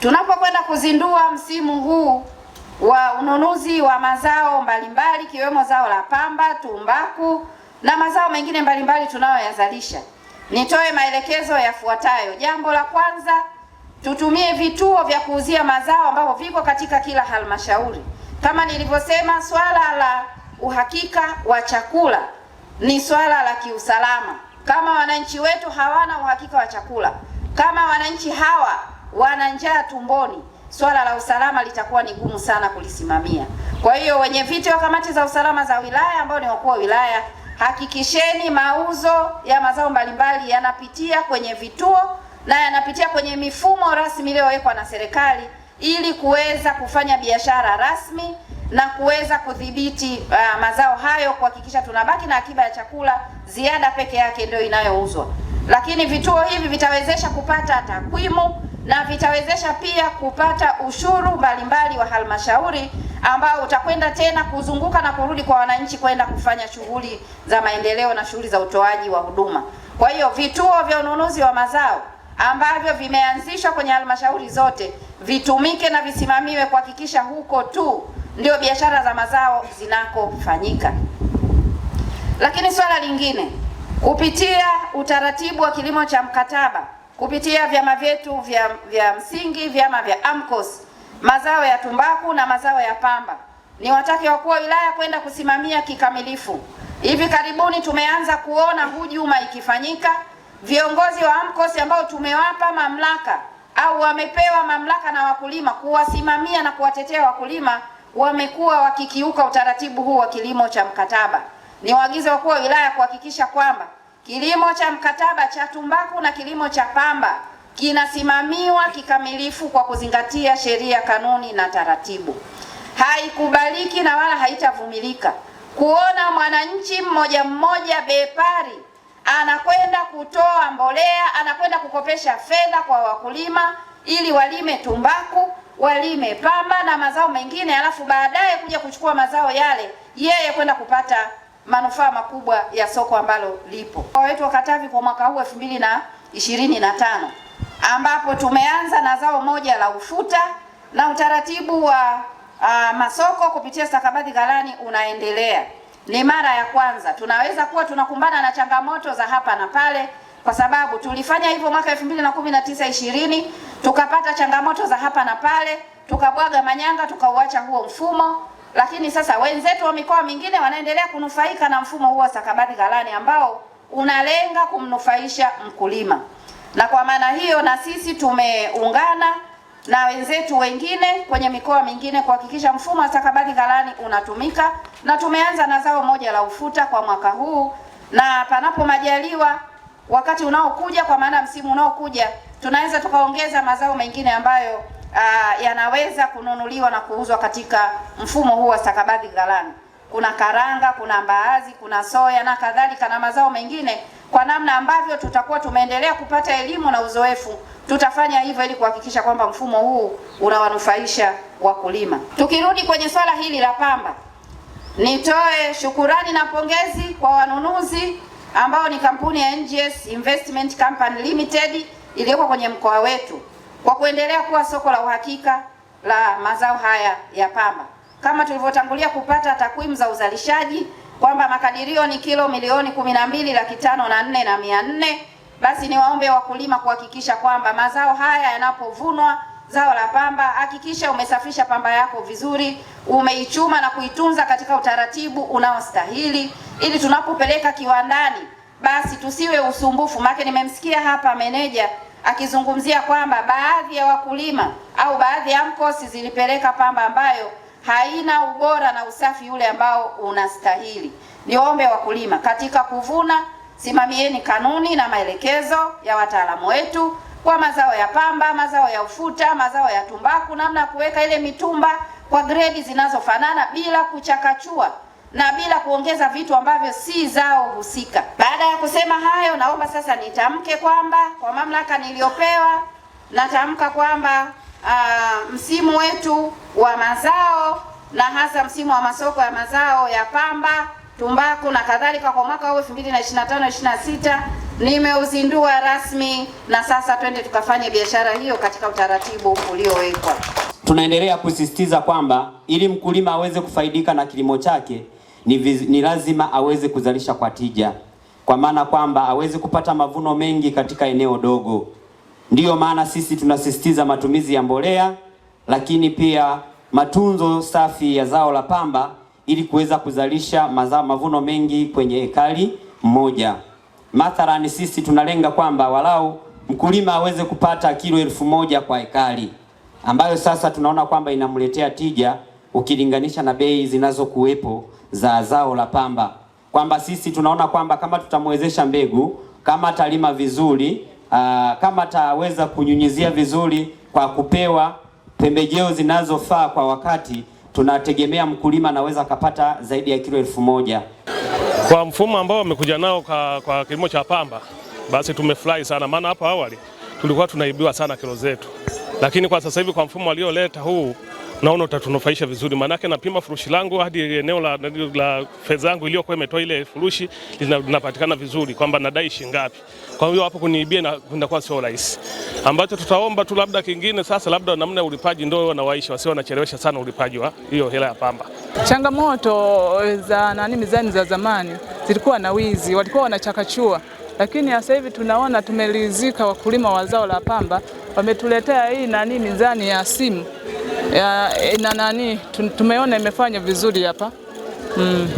Tunapokwenda kuzindua msimu huu wa ununuzi wa mazao mbalimbali ikiwemo zao la pamba, tumbaku na mazao mengine mbalimbali tunayoyazalisha, nitoe maelekezo yafuatayo. Jambo la kwanza, tutumie vituo vya kuuzia mazao ambavyo viko katika kila halmashauri. Kama nilivyosema, swala la uhakika wa chakula ni swala la kiusalama. Kama wananchi wetu hawana uhakika wa chakula, kama wananchi hawa wana njaa tumboni, swala la usalama litakuwa ni gumu sana kulisimamia. Kwa hiyo wenye viti wa kamati za usalama za wilaya ambao ni wakuu wa wilaya, hakikisheni mauzo ya mazao mbalimbali yanapitia kwenye vituo na yanapitia kwenye mifumo rasmi iliyowekwa na serikali ili kuweza kufanya biashara rasmi na kuweza kudhibiti uh, mazao hayo, kuhakikisha tunabaki na akiba ya chakula. Ziada peke yake ndio inayouzwa, lakini vituo hivi vitawezesha kupata takwimu na vitawezesha pia kupata ushuru mbalimbali wa halmashauri ambao utakwenda tena kuzunguka na kurudi kwa wananchi kwenda kufanya shughuli za maendeleo na shughuli za utoaji wa huduma. Kwa hiyo vituo vya ununuzi wa mazao ambavyo vimeanzishwa kwenye halmashauri zote vitumike na visimamiwe kuhakikisha huko tu ndio biashara za mazao zinakofanyika. Lakini swala lingine, kupitia utaratibu wa kilimo cha mkataba kupitia vyama vyetu vya, vya msingi vyama vya AMCOS, mazao ya tumbaku na mazao ya pamba. Ni watake wakuu wa wilaya kwenda kusimamia kikamilifu. Hivi karibuni tumeanza kuona hujuma ikifanyika. Viongozi wa AMCOS ambao tumewapa mamlaka au wamepewa mamlaka na wakulima kuwasimamia na kuwatetea wakulima wamekuwa wakikiuka utaratibu huu wa kilimo cha mkataba. waagize wakuu wa wilaya kuhakikisha kwamba kilimo cha mkataba cha tumbaku na kilimo cha pamba kinasimamiwa kikamilifu kwa kuzingatia sheria, kanuni na taratibu. Haikubaliki na wala haitavumilika kuona mwananchi mmoja mmoja bepari anakwenda kutoa mbolea, anakwenda kukopesha fedha kwa wakulima ili walime tumbaku, walime pamba na mazao mengine, alafu baadaye kuja kuchukua mazao yale yeye kwenda kupata manufaa makubwa ya soko ambalo lipo kwa wetu wa Katavi kwa mwaka huu elfu mbili na ishirini na tano ambapo tumeanza na zao moja la ufuta na utaratibu wa uh, masoko kupitia stakabadhi ghalani unaendelea. Ni mara ya kwanza tunaweza kuwa tunakumbana na changamoto za hapa na pale, kwa sababu tulifanya hivyo mwaka 2019 20, tukapata changamoto za hapa na pale, tukabwaga manyanga, tukauacha huo mfumo lakini sasa wenzetu wa mikoa mingine wanaendelea kunufaika na mfumo huo wa stakabadhi ghalani ambao unalenga kumnufaisha mkulima, na kwa maana hiyo na sisi tumeungana na wenzetu wengine kwenye mikoa mingine kuhakikisha mfumo wa stakabadhi ghalani unatumika, na tumeanza na zao moja la ufuta kwa mwaka huu, na panapo majaliwa, wakati unaokuja, kwa maana msimu unaokuja, tunaweza tukaongeza mazao mengine ambayo uh, yanaweza kununuliwa na kuuzwa katika mfumo huu wa stakabadhi ghalani. Kuna karanga, kuna mbaazi, kuna soya na kadhalika na mazao mengine. Kwa namna ambavyo tutakuwa tumeendelea kupata elimu na uzoefu, tutafanya hivyo ili kuhakikisha kwamba mfumo huu unawanufaisha wakulima. Tukirudi kwenye swala hili la pamba, nitoe shukurani na pongezi kwa wanunuzi ambao ni kampuni ya NGS Investment Company Limited iliyoko kwenye mkoa wetu kwa kuendelea kuwa soko la uhakika la mazao haya ya pamba, kama tulivyotangulia kupata takwimu za uzalishaji kwamba makadirio ni kilo milioni kumi na mbili laki tano na nne na mia nne. Basi niwaombe wakulima kuhakikisha kwamba mazao haya yanapovunwa, zao la pamba, hakikisha umesafisha pamba yako vizuri, umeichuma na kuitunza katika utaratibu unaostahili, ili tunapopeleka kiwandani basi tusiwe usumbufu. Maana nimemsikia hapa meneja akizungumzia kwamba baadhi ya wakulima au baadhi ya mkosi zilipeleka pamba ambayo haina ubora na usafi ule ambao unastahili. Niombe wakulima, katika kuvuna, simamieni kanuni na maelekezo ya wataalamu wetu kwa mazao ya pamba, mazao ya ufuta, mazao ya tumbaku, namna ya kuweka ile mitumba kwa gredi zinazofanana bila kuchakachua na bila kuongeza vitu ambavyo si zao husika. Baada ya kusema hayo, naomba sasa nitamke kwamba kwa mamlaka niliyopewa, natamka kwamba uh, msimu wetu wa mazao na hasa msimu wa masoko ya mazao ya pamba, tumbaku na kadhalika kwa mwaka huu 2025 26 nimeuzindua rasmi, na sasa twende tukafanye biashara hiyo katika utaratibu uliowekwa. Tunaendelea kusisitiza kwamba ili mkulima aweze kufaidika na kilimo chake ni, viz, ni lazima aweze kuzalisha kwa tija, kwa maana kwamba aweze kupata mavuno mengi katika eneo dogo. Ndiyo maana sisi tunasisitiza matumizi ya mbolea, lakini pia matunzo safi ya zao la pamba ili kuweza kuzalisha mazao mavuno mengi kwenye ekari moja. Mathalani, sisi tunalenga kwamba walau mkulima aweze kupata kilo elfu moja kwa ekari ambayo sasa tunaona kwamba inamletea tija ukilinganisha na bei zinazokuwepo za zao la pamba, kwamba sisi tunaona kwamba kama tutamwezesha mbegu, kama atalima vizuri aa, ah, kama ataweza kunyunyizia vizuri kwa kupewa pembejeo zinazofaa kwa wakati, tunategemea mkulima anaweza akapata zaidi ya kilo elfu moja kwa mfumo ambao wamekuja nao kwa, kwa kilimo cha pamba. Basi tumefurahi sana, maana hapo awali tulikuwa tunaibiwa sana kilo zetu, lakini kwa sasa hivi kwa mfumo walioleta huu naona utatunufaisha vizuri, maanake napima furushi langu hadi eneo la, la fedha yangu iliyokuwa imetoa ile furushi linapatikana vizuri, kwamba nadai shilingi ngapi. Kwa hiyo hapo kuniibia inakuwa sio rahisi, ambacho tutaomba tu labda kingine sasa, labda namna ya ulipaji ndio wanawaisha, wasio wanachelewesha sana ulipaji wa hiyo hela ya pamba. Changamoto za nani, mizani za zamani zilikuwa na wizi, walikuwa wanachakachua lakini sasa hivi tunaona tumelizika, wakulima wa zao la pamba wametuletea hii nani mizani ya simu na nani, tumeona imefanya vizuri hapa mm.